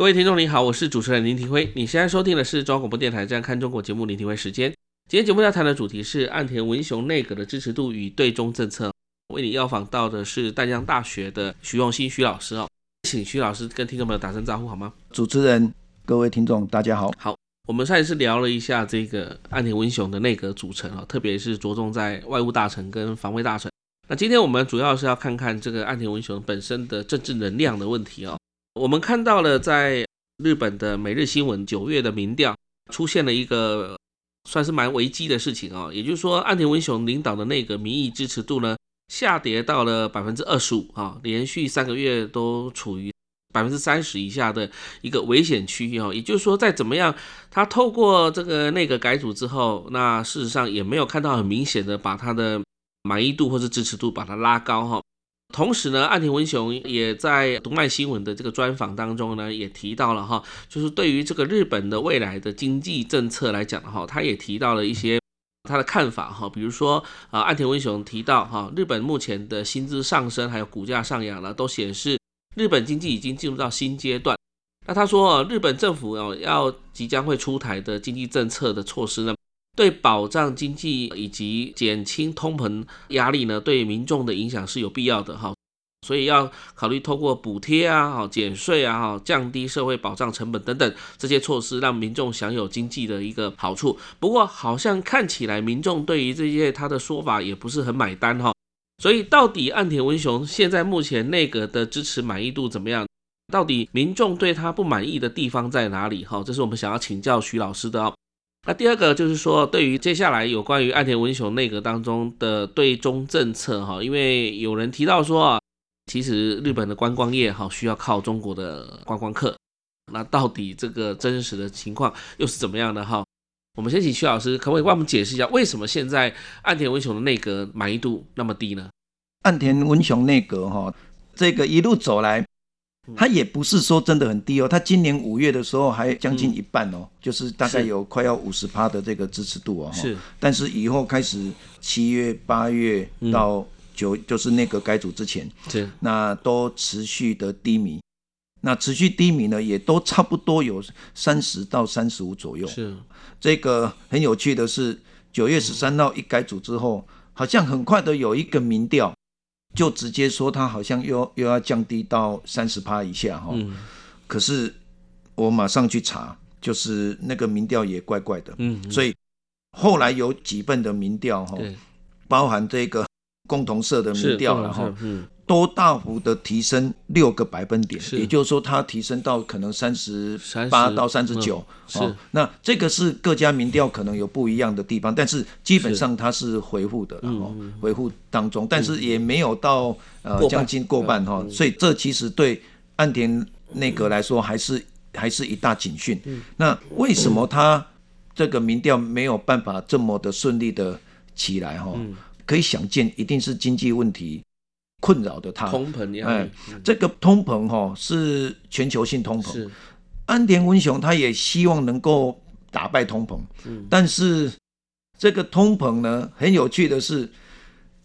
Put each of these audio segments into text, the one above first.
各位聽眾，你好，我是主持人林廷輝。你現在收聽的是中央廣播電台《這樣看中國》節目，林廷輝時間。今天節目要談的主題是岸田文雄內閣的支持度與對中政策。為你邀訪到的是淡江大學的徐浤馨徐老師哦，請徐老師跟聽眾朋友打聲招呼好嗎？主持人，各位聽眾，大家好。好，我們上一次聊了一下這個岸田文雄的內閣組成啊，特別是着重在外務大臣跟防衛大臣。那今天我們主要是要看看這個岸田文雄本身的政治能量的問題哦。我們看到了，在日本的每日新聞九月的民調出現了一個算是蠻危機的事情啊、哦，也就是說，岸田文雄領導的那個民意支持度呢，下跌到了百分之二十五啊，哦、連續三個月都處於百分之三十以下的一個危險區域啊。也就是說，再怎麼樣，他透過這個內閣改組之後，那事實上也沒有看到很明顯的把他的滿意度或者是支持度把它拉高哈、哦。同時呢，岸田文雄也在讀賣新聞的這個專訪當中呢，也提到了哈，就是對於這個日本的未來的經濟政策來講哈，他也提到了一些他的看法哈，比如說啊，岸田文雄提到哈，日本目前的薪資上升，還有股價上揚呢，都顯示日本經濟已經進入到新階段。那他說，日本政府要即將會出台的經濟政策的措施呢，對保障經濟以及減輕通膨壓力呢，對民眾的影響是有必要的哈，所以要考慮透過補貼啊、哈減稅啊、哈降低社會保障成本等等這些措施，讓民眾享有經濟的一個好處。不過好像看起來民眾對於這些他的說法也不是很買單哈，所以到底岸田文雄現在目前內閣的支持滿意度怎麼樣？到底民眾對他不滿意的地方在哪裡哈？這是我們想要請教徐老師的哦。那第二個就是說，對於接下來有關於岸田文雄內閣當中的對中政策，哈，因為有人提到說啊，其實日本的觀光業哈需要靠中國的觀光客，那到底這個真實的情況又是怎麼樣的哈？我們先請徐老師可不可以幫我們解釋一下，為什麼現在岸田文雄的內閣滿意度那麼低呢？岸田文雄內閣哈，這個一路走來。他也不是說真的很低哦，他今年五月的時候還將近一半哦，嗯、就是大概有快要五十趴的這個支持度哦，是。但是以後開始七月、八月到九、嗯，就是那個改組之前，那都持續的低迷，那持續低迷呢，也都差不多有三十到三十五左右。是。這個很有趣的是，九月十三號一改組之後、嗯，好像很快的有一個民調。就直接說他好像又又要降低到三十趴以下哈，嗯嗯嗯，可是我馬上去查，就是那個民調也怪怪的，嗯嗯，所以後來有幾份的民調哈，包含這個共同社的民調了哈，都大幅的提升六個百分點，也就是說，它提升到可能三十八到三十九。那這個是各家民調可能有不一樣的地方，是但是基本上它是回復的，哈、哦，回復當中，但是也沒有到、嗯、呃將近過半，哈、嗯，所以這其實對岸田內閣來說還是、嗯、還是一大警訊、嗯。那為什麼他這個民調沒有辦法這麼的順利的起來？哈、嗯嗯，可以想見，一定是經濟問題。困擾的他，通膨哎、嗯，這個通膨哈是全球性通膨。是岸田文雄他也希望能夠打敗通膨，嗯、但是這個通膨呢，很有趣的是，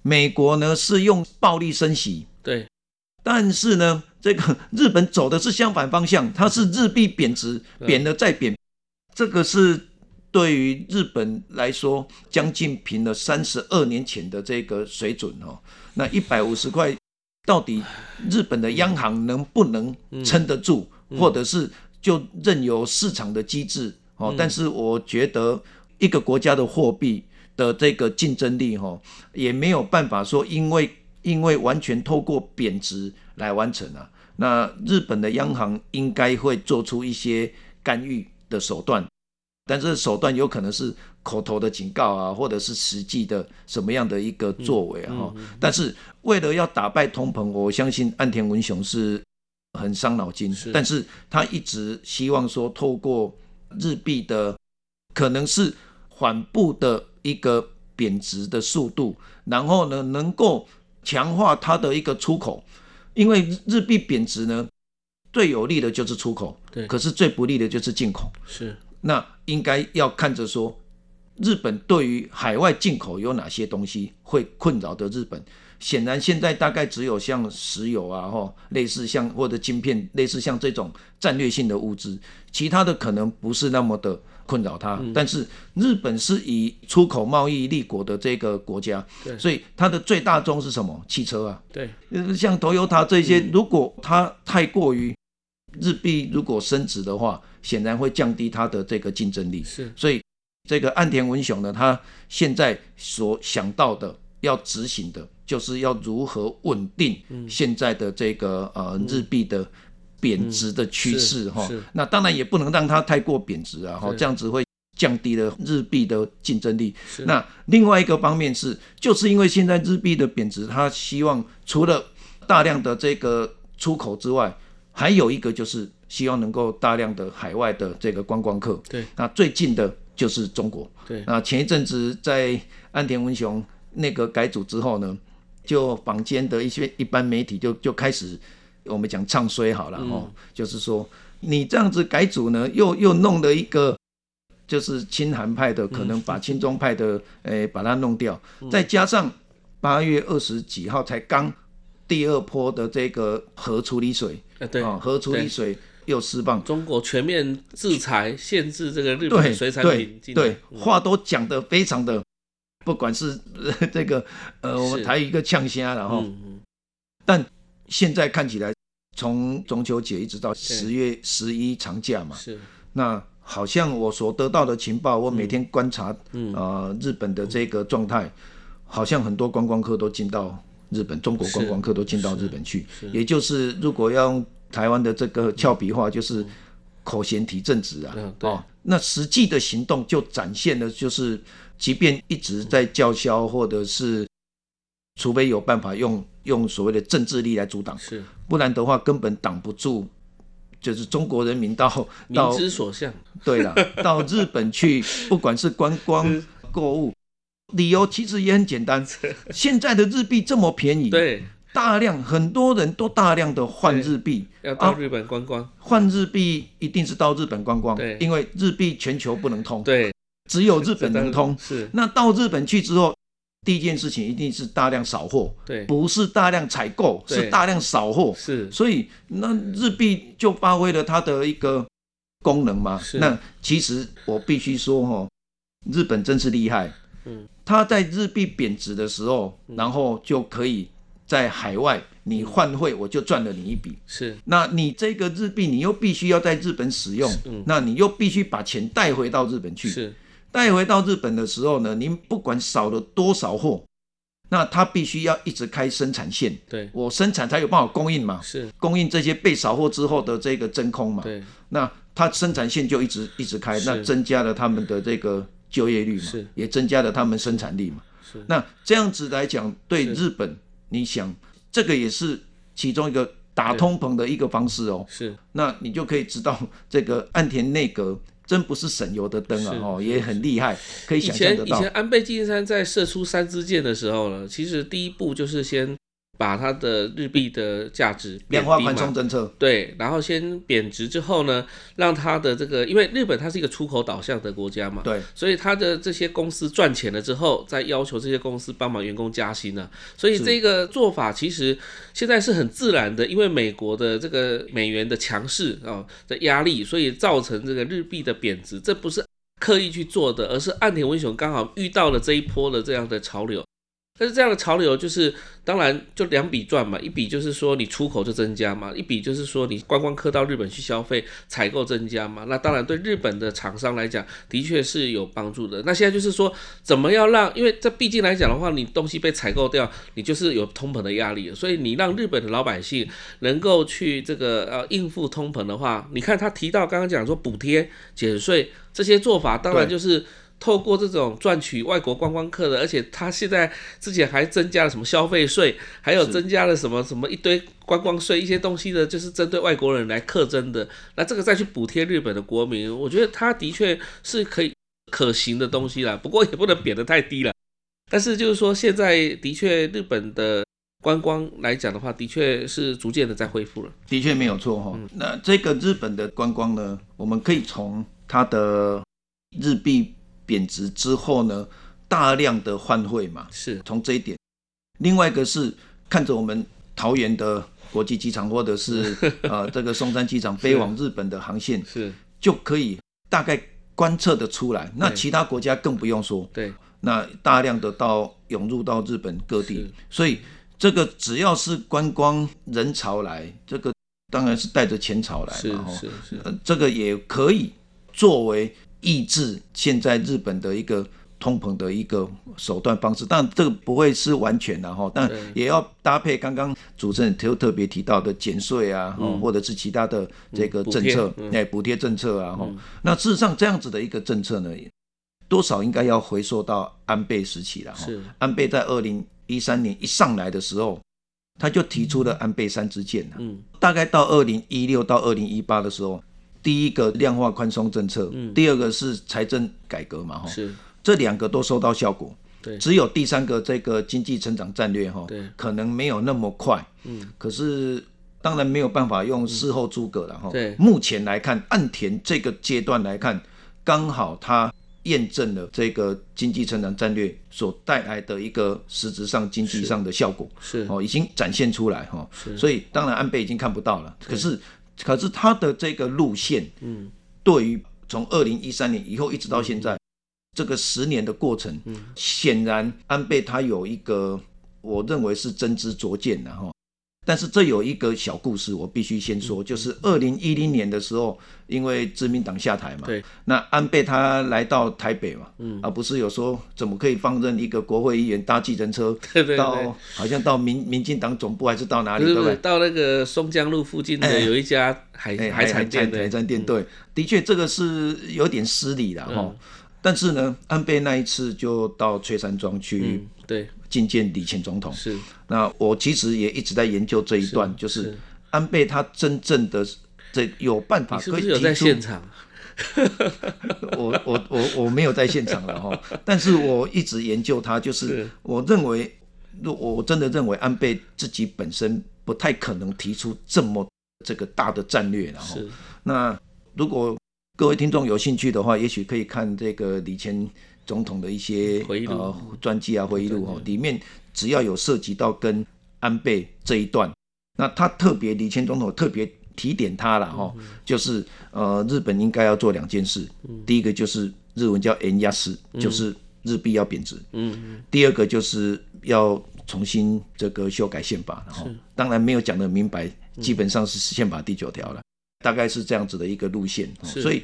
美國呢是用暴力升息，對，但是呢，這個日本走的是相反方向，它是日幣貶值，貶了再貶，這個是對於日本來說將近平了三十二年前的這個水準哈。那一百五十塊，到底日本的央行能不能撐得住，或者是就任由市場的機制？哦，但是我覺得一個國家的貨幣的這個競爭力，哈，也沒有辦法說因為因為完全透過貶值來完成啊。那日本的央行應該會做出一些干預的手段。但是手段有可能是口頭的警告啊，或者是實際的什麼樣的一個作為哈、啊嗯嗯嗯。但是為了要打敗通膨，我相信岸田文雄是很傷腦筋。但是他一直希望說，透過日幣的可能是緩步的一個貶值的速度，然後呢，能夠強化他的一個出口，因為日幣貶值呢，最有利的就是出口。對，可是最不利的就是進口。是。那應該要看着說，日本對於海外進口有哪些東西會困擾的日本？顯然現在大概只有像石油啊，吼，類似像或者晶片，類似像這種戰略性的物資，其他的可能不是那麼的困擾它，嗯。但是日本是以出口貿易立國的這個國家，所以它的最大宗是什麼？汽車啊。對，像 Toyota 這些，嗯，如果它太過於日幣如果升值的話。顯然會降低它的這個競爭力，是，所以這個岸田文雄呢，他現在所想到的要執行的就是要如何穩定現在的這個呃日幣的貶值的趨勢哈，那當然也不能讓它太過貶值啊，哈，這樣子會降低了日幣的競爭力。那另外一個方面是，就是因為現在日幣的貶值，他希望除了大量的這個出口之外，還有一個就是。希望能夠大量的海外的這個觀光客，對，那最近的就是中國，對，那前一陣子在岸田文雄內閣改組之後呢，就坊間的一些一般媒體就就開始我們講唱衰好了哦、嗯，就是說你這樣子改組呢，又又弄了一個就是親韓派的，可能把親中派的誒、嗯欸、把它弄掉，嗯、再加上八月二十幾號才剛第二波的這個核處理水，啊、欸哦，核處理水。又失望。中國全面制裁限制這個日本的水產品，對對、嗯，話都講得非常的，不管是這個呃，我們台一個嗆蝦，然、嗯、後、嗯，但現在看起來，從中秋節一直到十月十一長假嘛，那好像我所得到的情報，我每天觀察，嗯、呃、日本的這個狀態、嗯，好像很多觀光客都進到日本，中國觀光客都進到日本去，也就是如果要台灣的這個俏皮話就是“口嫌體正直”啊，嗯、哦，那實際的行動就展現了，就是即便一直在叫囂，或者是除非有辦法用用所謂的政治力來阻擋，是，不然的話根本擋不住，就是中國人民到到之所向，對了， 到日本去，不管是觀光、購物、 理由其實也很簡單，現在的日幣這麼便宜，對。大量很多人都大量的換日幣，要到日本觀光。啊，換日幣一定是到日本觀光，因為日幣全球不能通，對，只有日本能通。是，那到日本去之後，第一件事情一定是大量掃貨，對，不是大量採購，是大量掃貨，是。所以那日幣就發揮了它的一個功能嘛。是，那其實我必須說哈，日本真是厲害，嗯，他在日幣貶值的時候，然後就可以。在海外，你換匯，我就賺了你一筆。是，那你這個日幣，你又必須要在日本使用，嗯，那你又必須把錢帶回到日本去。是，帶回到日本的時候呢，您不管掃了多少貨，那它必須要一直開生產線。對，我生產才有辦法供應嘛。是，供應這些被掃貨之後的這個真空嘛。對，那它生產線就一直一直開，那增加了他們的這個就業率嘛，是，也增加了他們生產力嘛。是，那這樣子來講，對日本。你想，這個也是其中一個打通膨的一個方式哦。是，那你就可以知道這個岸田內閣真不是省油的燈啊！哦，也很厲害，可以想象得到。以前，以前安倍晉三在射出三支箭的時候呢，其實第一步就是先。把它的日幣的價值，量化寬鬆政策，對，然後先貶值之後呢，讓它的這個，因為日本它是一個出口導向的國家嘛，對，所以它的這些公司賺錢了之後，再要求這些公司幫忙員工加薪了，所以這個做法其實現在是很自然的，因為美國的這個美元的強勢啊的壓力，所以造成這個日幣的貶值，這不是刻意去做的，而是岸田文雄剛好遇到了這一波的這樣的潮流。但是這樣的潮流就是，當然就兩筆賺嘛，一筆就是說你出口就增加嘛，一筆就是說你觀光客到日本去消費、採購增加嘛。那當然對日本的廠商來講，的確是有幫助的。那現在就是說，怎麼要讓？因為這畢竟來講的話，你東西被採購掉，你就是有通膨的壓力。所以你讓日本的老百姓能夠去這個呃應付通膨的話，你看他提到剛剛講說補貼、減稅這些做法，當然就是。透過這種賺取外國觀光客的，而且他現在之前還增加了什麼消費稅，還有增加了什麼什麼一堆觀光稅一些東西的，就是針對外國人來課徵的。那這個再去補貼日本的國民，我覺得他的確是可以可行的東西啦。不過也不能貶得太低了。但是就是說，現在的確日本的觀光來講的話，的確是逐漸的在恢復了。的確沒有錯哈。那這個日本的觀光呢，我們可以從它的日幣。貶值之後呢，大量的換匯嘛，是從這一點，另外一個是看着我們桃園的國際機場或者是 呃這個松山機場飛往日本的航線，是就可以大概觀測得出來。那其他國家更不用說，對，那大量的到湧入到日本各地，所以這個只要是觀光人潮來，這個當然是帶着錢潮來，是是是，是，呃，這個也可以作為抑制現在日本的一個通膨的一個手段方式，但這個不會是完全的哈，但也要搭配剛剛主持人特特別提到的減稅啊、嗯，或者是其他的這個政策，嗯嗯、哎，補貼政策啊哈、嗯。那事實上這樣子的一個政策呢，多少應該要回溯到安倍時期了哈。安倍在二零一三年一上來的時候，他就提出了安倍三支箭、啊、嗯，大概到二零一六到二零一八的時候。第一個量化寬鬆政策，嗯，第二個是財政改革嘛，哈，是這兩個都收到效果，對，只有第三個這個經濟成長戰略，哦，哈，對，可能沒有那麼快，嗯，可是當然沒有辦法用事後諸葛了，哈，嗯，哦，對，目前來看，岸田這個階段來看，剛好他驗證了這個經濟成長戰略所帶來的一個實質上經濟上的效果，是，是哦，已經展現出來，哈，是，哦，所以當然安倍已經看不到了，是，可是。可是他的這個路線，嗯，對於從二零一三年以後一直到現在，嗯，這個十年的過程，嗯，顯然安倍他有一個我認為是真知灼見的，啊，哈。但是這有一個小故事，我必須先說，嗯嗯嗯，就是二零一零年的時候，因為自民黨下台嘛，對，那安倍他來到台北嘛，嗯，而不是有說怎麼可以放任一個國會議員搭計程車，對對，對，到好像到民民進黨總部還是到哪裡，是是對，對到那個松江路附近的有一家海、欸、海產、欸、店，店，海產店，對，的確這個是有點失禮了哈。嗯但是呢，安倍那一次就到翠山莊去、嗯，對，覲見李前總統。是，那我其實也一直在研究這一段，就是，是，是安倍他真正的這有辦法可以提出。是是在現場？ 我我我我沒有在現場了哈， 但是我一直研究他，就是，是我認為，我真的認為安倍自己本身不太可能提出這麼這個大的戰略，然後那如果。各位聽眾有興趣的話，也許可以看這個李前總統的一些回憶錄、專、呃、輯啊、回憶錄哦，裡面只要有涉及到跟安倍這一段，那他特別李前總統特別提點他了哈、嗯，就是呃日本應該要做兩件事、嗯，第一個就是日文叫円安、嗯、就是日幣要貶值、嗯，第二個就是要重新這個修改憲法，當然沒有講得明白，基本上是憲法第九條了。大概是這樣子的一個路線，所以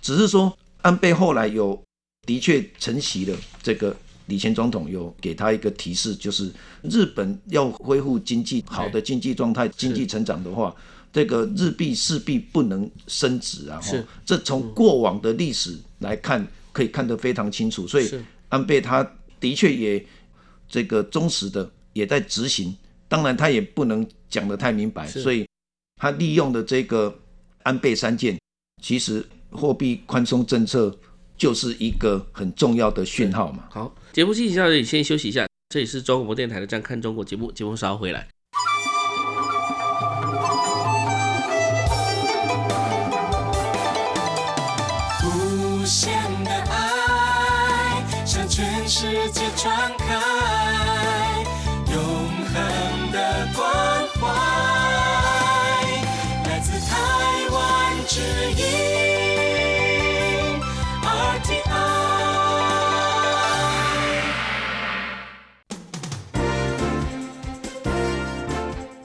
只是說安倍後來有的確承襲了這個李前總統有給他一個提示，就是日本要恢復經濟好的經濟狀態、經濟成長的話，這個日幣勢必不能升值啊，然後這從過往的歷史來看可以看得非常清楚，所以安倍他的確也這個忠實的也在執行，當然他也不能講得太明白，所以他利用的這個。安倍三箭其實貨幣寬鬆政策就是一個很重要的訊號嘛。好，節目進行到這裡，先休息一下。這裡是中央廣播電台的站《這樣看中國》節目，節目稍後回來。無限的愛向全世界傳開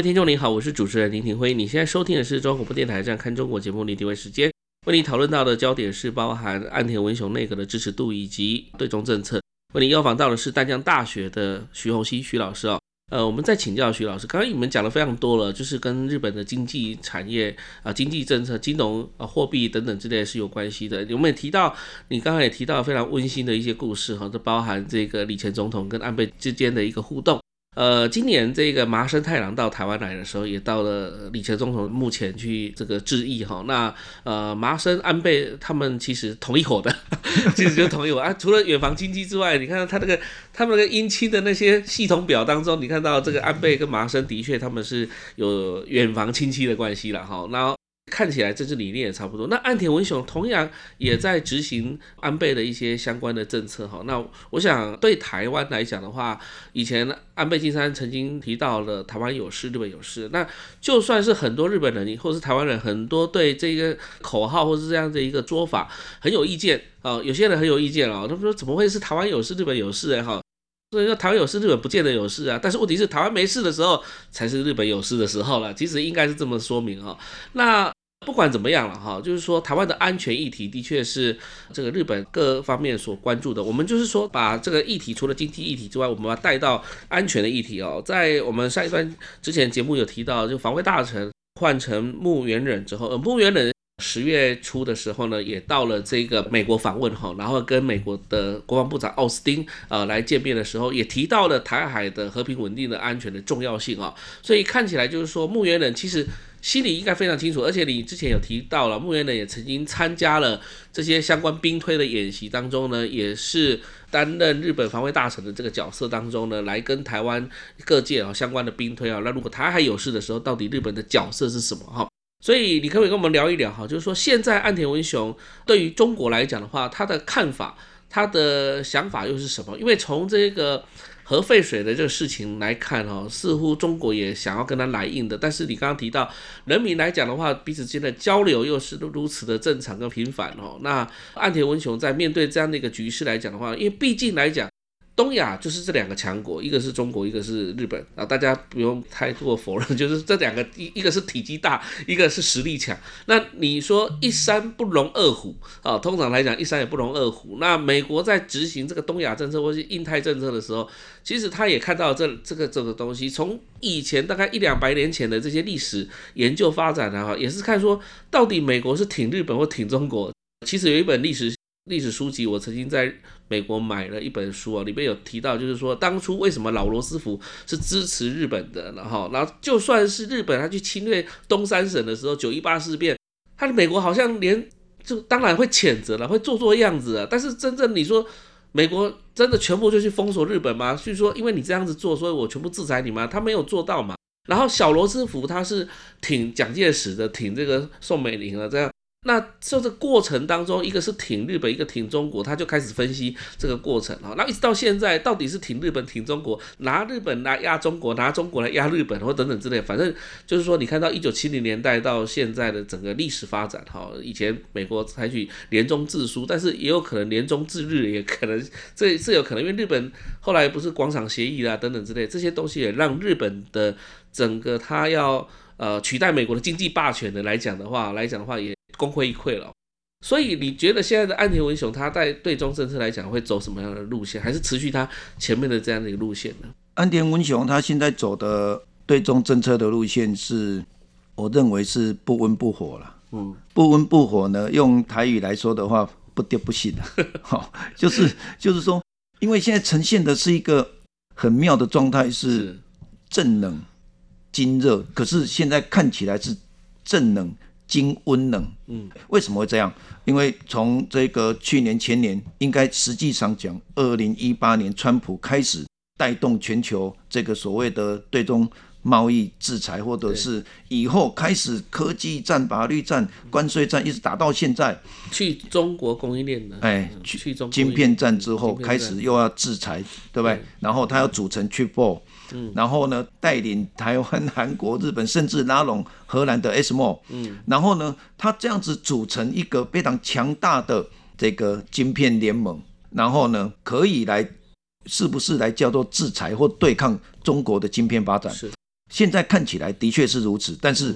各位聽眾您好，我是主持人林廷輝。你現在收聽的是中央廣播電台《這樣看中國》節目《林廷輝時間》，為你討論到的焦點是包含岸田文雄內閣的支持度以及對中政策。為你邀訪到的是淡江大學的徐浤馨徐老師哦。呃，我們再請教徐老師，剛剛你們講了非常多了，就是跟日本的經濟產業啊、經濟政策、金融啊、貨幣等等之類是有關係的。我們也提到，你剛才也提到非常溫馨的一些故事哈，這包含這個李前總統跟安倍之間的一個互動。呃，今年這個麻生太郎到台灣來的時候，也到了李前總統墓前去這個致意哈。那呃，麻生、安倍他們其實同一夥的，其實就同一夥啊。除了遠房親戚之外，你看他這、那個他們那個姻親的那些系統表當中，你看到這個安倍跟麻生的確他們是有遠房親戚的關係了哈。那。看起來政治理念也差不多。那岸田文雄同樣也在執行安倍的一些相關的政策哈。那我想對台灣來講的話，以前安倍晉三曾經提到了台灣有事，日本有事。那就算是很多日本人或是台灣人，很多對這個口號或是這樣的一個做法很有意見啊。有些人很有意見哦，他們說怎麼會是台灣有事，日本有事哎哈？所以說台灣有事，日本不見得有事啊。但是問題是台灣沒事的時候，才是日本有事的時候了。其實應該是這麼說明哈，那。不管怎麼樣了哈，就是說台灣的安全議題的確是這個日本各方面所關注的。我們就是說把這個議題，除了經濟議題之外，我們要帶到安全的議題哦。在我們上一段之前節目有提到，就防衛大臣換成木原忍之後，呃，木原忍十月初的時候呢，也到了這個美國訪問哈，然後跟美國的國防部長奧斯汀呃來見面的時候，也提到了台海的和平穩定的安全的重要性啊。所以看起來就是說木原忍其實。心裡應該非常清楚，而且你之前有提到了，木原呢也曾經參加了這些相關兵推的演習當中呢，也是擔任日本防衛大臣的這個角色當中呢，來跟台灣各界啊相關的兵推啊，那如果台海有事的時候，到底日本的角色是什麼哈？所以你可不可以跟我們聊一聊哈？就是說現在岸田文雄對於中國來講的話，他的看法、他的想法又是什麼？因為從這個。核廢水的這個事情來看哦，似乎中國也想要跟他來硬的。但是你剛剛提到，人民來講的話，彼此間的交流又是如此的正常跟頻繁哦。那岸田文雄在面對這樣的一個局勢來講的話，因為畢竟來講。東亞就是這兩個強國，一個是中國，一個是日本啊。大家不用太過否認，就是這兩個一一個是體積大，一個是實力強。那你說一山不容二虎啊，通常來講一山也不容二虎。那美國在執行這個東亞政策或是印太政策的時候，其實他也看到這這個這個東西。從以前大概一兩百年前的這些歷史研究發展呢，哈，也是看說到底美國是挺日本或挺中國。其實有一本歷史。歷史書籍，我曾經在美國買了一本書啊，裡面有提到，就是說當初為什麼老羅斯福是支持日本的，然後，然後就算是日本他去侵略東三省的時候，九一八事變，他的美國好像連就當然會譴責了，會做做樣子啊，但是真正你說美國真的全部就去封鎖日本嗎？就是說因為你這樣子做，所以我全部制裁你嗎？他沒有做到嘛。然後小羅斯福他是挺蔣介石的，挺這個宋美齡的這樣。那在這過程當中，一個是挺日本，一個挺中國，他就開始分析這個過程啊、哦。那一直到現在，到底是挺日本、挺中國，拿日本來壓中國，拿中國來壓日本，或等等之類。反正就是說，你看到一九七零年代到現在的整個歷史發展哈、哦。以前美國採取聯中制蘇，但是也有可能聯中制日，也可能這這有可能，因為日本後來不是廣場協議啊等等之類，這些東西也讓日本的整個他要呃取代美國的經濟霸權的來講的話，來講的話也。功虧一簣了、哦，所以你覺得現在的岸田文雄，他在對中政策來講會走什麼樣的路線？還是持續他前面的這樣的一個路線呢？岸田文雄，他現在走的對中政策的路線是，我認為是不溫不火了。嗯，不溫不火呢，用台語來說的話，不跌不興、啊、 就是就是說，因為現在呈現的是一個很妙的狀態，是政冷經熱，可是現在看起來是政冷。金溫冷，嗯，為什麼會這樣？因為從這個去年前年，應該實際上講，二零一八年川普開始帶動全球這個所謂的對中貿易制裁，或者是以後開始科技戰、法律戰、關稅戰，一直打到現在。去中國供應鏈的，哎，去，去中工業晶片，晶片戰之後開始又要制裁，對不對？然後他要組成去部。嗯、然後呢，帶領台灣、韓國、日本，甚至拉攏荷蘭的 ASML。嗯，然後呢，他這樣子組成一個非常強大的這個晶片聯盟，然後呢，可以來是不是來叫做制裁或對抗中國的晶片發展？是。現在看起來的確是如此，但是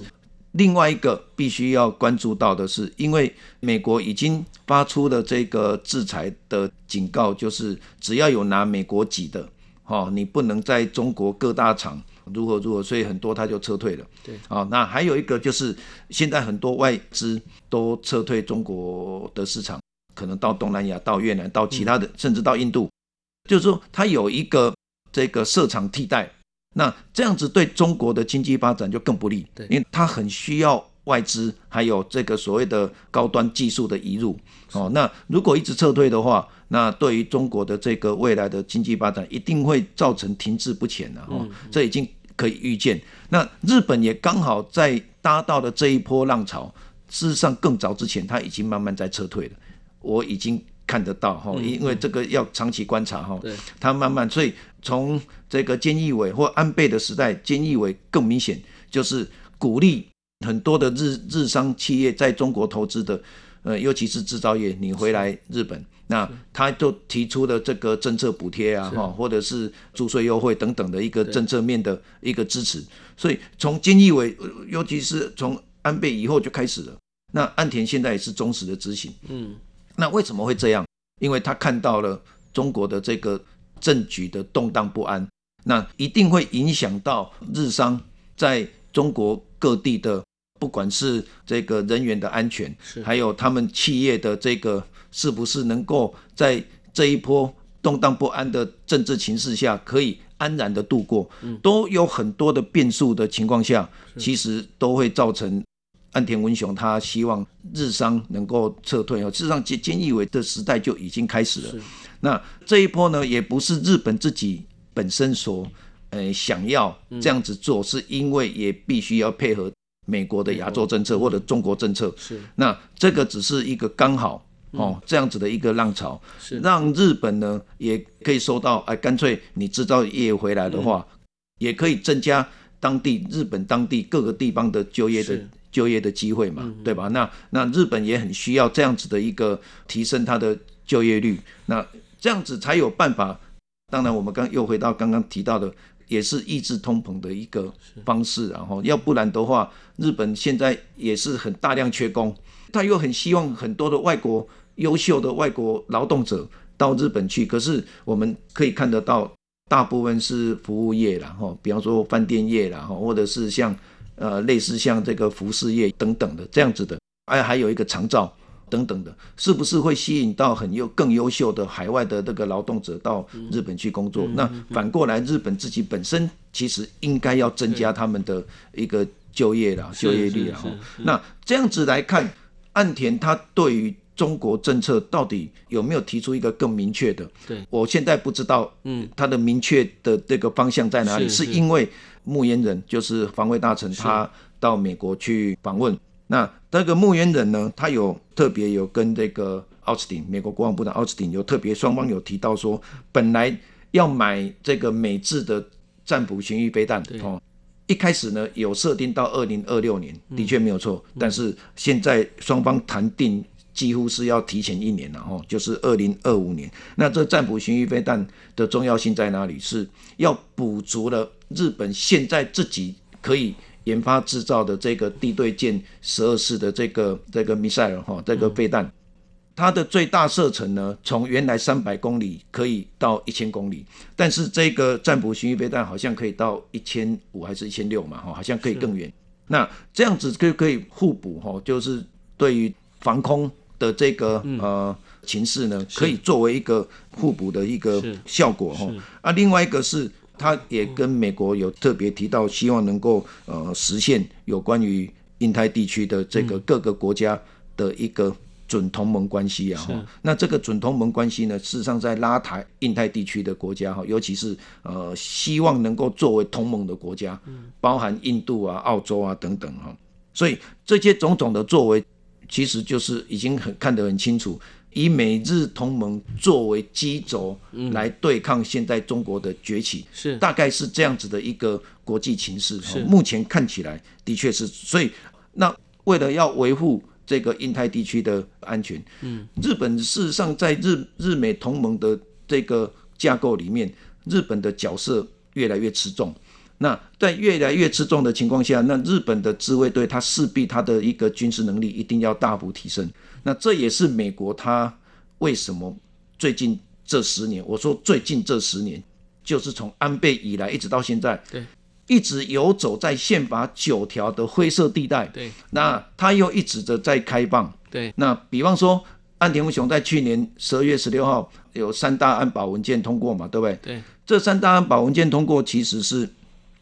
另外一個必須要關注到的是，因為美國已經發出了這個制裁的警告，就是只要有拿美國籍的。好、哦，你不能在中國各大廠如何如何，所以很多他就撤退了。對，好、哦，那還有一個就是，現在很多外資都撤退中國的市場，可能到東南亞、到越南、到其他的，嗯、甚至到印度，就是說他有一個這個設廠替代，那這樣子對中國的經濟發展就更不利，因為他很需要。外資還有這個所謂的高端技術的移入，哦，那如果一直撤退的話，那對於中國的這個未來的經濟發展，一定會造成停滯不前了，哦，這已經可以預見。那日本也剛好在搭到了這一波浪潮，事實上更早之前，它已經慢慢在撤退了，我已經看得到，哈，因為這個要長期觀察，哈，它慢慢，所以從這個菅義偉或安倍的時代，菅義偉更明顯就是鼓勵。很多的日日商企業在中國投資的，呃，尤其是製造業，你回來日本，那他就提出了這個政策補貼啊，哈，或者是租稅優惠等等的一個政策面的一個支持。所以從菅義偉、呃，尤其是從安倍以後就開始了，那岸田現在也是忠實的執行。嗯，那為什麼會這樣？因為他看到了中國的這個政局的動盪不安，那一定會影響到日商在中國。各地的，不管是這個人員的安全，還有他們企業的這個，是不是能夠在這一波動盪不安的政治情勢下，可以安然的度過，嗯、都有很多的變數的情況下，其實都會造成岸田文雄他希望日商能夠撤退。哦，事實上，菅義偉的時代就已經開始了。那這一波呢，也不是日本自己本身所。呃，想要這樣子做，是因為也必須要配合美國的亞洲政策或者中國政策。是，那這個只是一個剛好哦、嗯，這樣子的一個浪潮，是讓日本呢也可以收到。哎、呃，乾脆你製造業回來的話、嗯，也可以增加當地日本當地各個地方的就業的就業的機會嘛、嗯，對吧？那那日本也很需要這樣子的一個提升它的就業率，那這樣子才有辦法。當然，我們剛又回到剛剛提到的。也是抑制通膨的一個方式啊，然後要不然的話，日本現在也是很大量缺工，他又很希望很多的外國優秀的外國勞動者到日本去，可是我們可以看得到，大部分是服務業，然後比方說飯店業然後，或者是像呃類似像這個服飾業等等的這樣子的，哎，還有一個長照。等等的，是不是會吸引到很優、更優秀的海外的這個勞動者到日本去工作？嗯、那反過來，日本自己本身其實應該要增加他們的一個就業啦、就業率啊。那這樣子來看，岸田他對於中國政策到底有沒有提出一個更明確的？對，我現在不知道，嗯，他的明確的這個方向在哪裡？是，是，是，是因為木原稔就是防衛大臣，他到美國去訪問。那這個木原稔呢，他有特別有跟這個奧斯汀，美國國防部長奧斯汀有特別雙方有提到說，本來要買這個美制的戰斧巡弋飛彈哦。一開始呢有設定到二零二六年，的確沒有錯。但是現在雙方談定，幾乎是要提前一年了哈，就是二零二五年。那這戰斧巡弋飛彈的重要性在哪裡？是要補足了日本現在自己可以。研發製造的這個地對艦十二式的這個這個米塞爾哈這個飛彈、嗯，它的最大射程呢，從原來三百公里可以到一千公里，但是這個戰斧巡弋飛彈好像可以到一千五還是一千六嘛哈，好像可以更遠。那這樣子就可，可以互補哈，就是對於防空的這個呃、嗯、情勢呢，可以作為一個互補的一個效果哈。啊，另外一個是。他也跟美國有特別提到，希望能夠呃實現有關於印太地區的這個各個國家的一個準同盟關係啊、嗯。那這個準同盟關係呢，事實上在拉抬印太地區的國家哈，尤其是呃希望能夠作為同盟的國家，包含印度啊、澳洲啊等等哈。所以這些種種的作為，其實就是已經很看得很清楚，以美日同盟作為基軸來對抗現在中國的崛起，是大概是這樣子的一個國際情勢。目前看起來的確是，所以那為了要維護這個印太地區的安全，嗯，日本事實上在日日美同盟的這個架構裡面，日本的角色越來越吃重。那在越來越吃重的情況下，那日本的自衛隊它勢必它的一個軍事能力一定要大幅提升。那這也是美國他為什麼最近這十年，我說最近這十年，就是從安倍以來一直到現在，對，一直游走在憲法九條的灰色地帶。對，那他又一直的在開放。對，那比方說，岸田文雄在去年十二月十六號有三大安保文件通過嘛，對不對？對，這三大安保文件通過其實是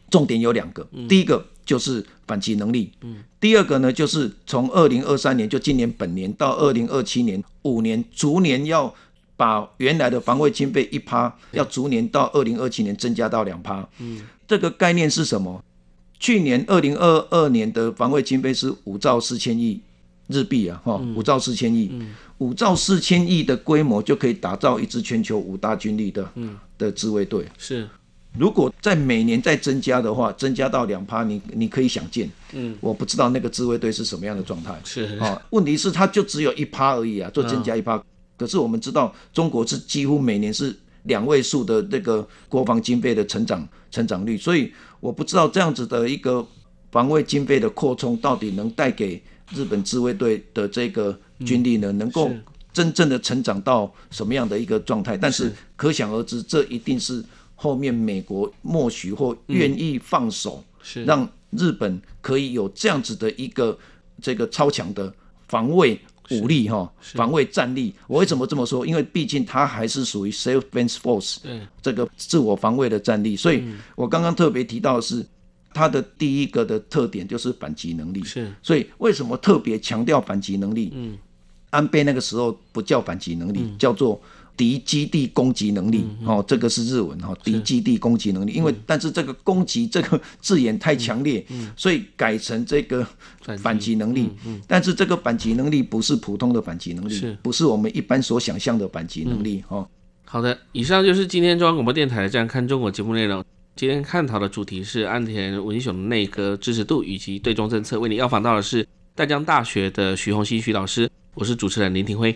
重點有兩個，嗯、第一個。就是反擊能力。嗯，第二個呢，就是從二零二三年，就今年本年到二零二七年五年，逐年要把原來的防衛經費一趴，要逐年到二零二七年增加到兩趴。嗯，這個概念是什麼？去年二零二二年的防衛經費是五兆四千億日幣啊，哈，五兆四千億，嗯，五兆四千億的規模就可以打造一支全球五大軍力的，嗯，的自衛隊是。如果在每年再增加的話，增加到兩趴，你你可以想見。嗯，我不知道那個自衛隊是什麼樣的狀態。是啊、哦，問題是它就只有一趴而已啊，就增加一趴、嗯。可是我們知道，中國是幾乎每年是兩位數的這個國防經費的成長成長率，所以我不知道這樣子的一個防衛經費的擴充到底能帶給日本自衛隊的這個軍力呢、嗯，能夠真正的成長到什麼樣的一個狀態？是但是可想而知，這一定是。後面美國默許或願意放手，是讓日本可以有這樣子的一個這個超強的防衛武力哈、哦，防衛戰力。我為什麼這麼說？因為畢竟它還是屬於 self-defense force，這個是自我防衛的戰力。所以，我剛剛特別提到的是它的第一個的特點就是反擊能力。是，所以為什麼特別強調反擊能力？嗯，安倍那個時候不叫反擊能力，叫做。敵基地攻擊能力、嗯嗯、哦，這個是日文哦。敵基地攻擊能力，因為、嗯、但是這個攻擊這個字眼太強烈、嗯嗯，所以改成這個反擊能力、嗯嗯。但是這個反擊能力不是普通的反擊能力是，不是我們一般所想象的反擊能力、嗯、哦。好的，以上就是今天中央廣播電台《這樣看中國》節目內容。今天探討的主題是岸田文雄內閣支持度以及對中政策。為你邀訪到的是淡江大學的徐浤馨徐老師，我是主持人林廷輝。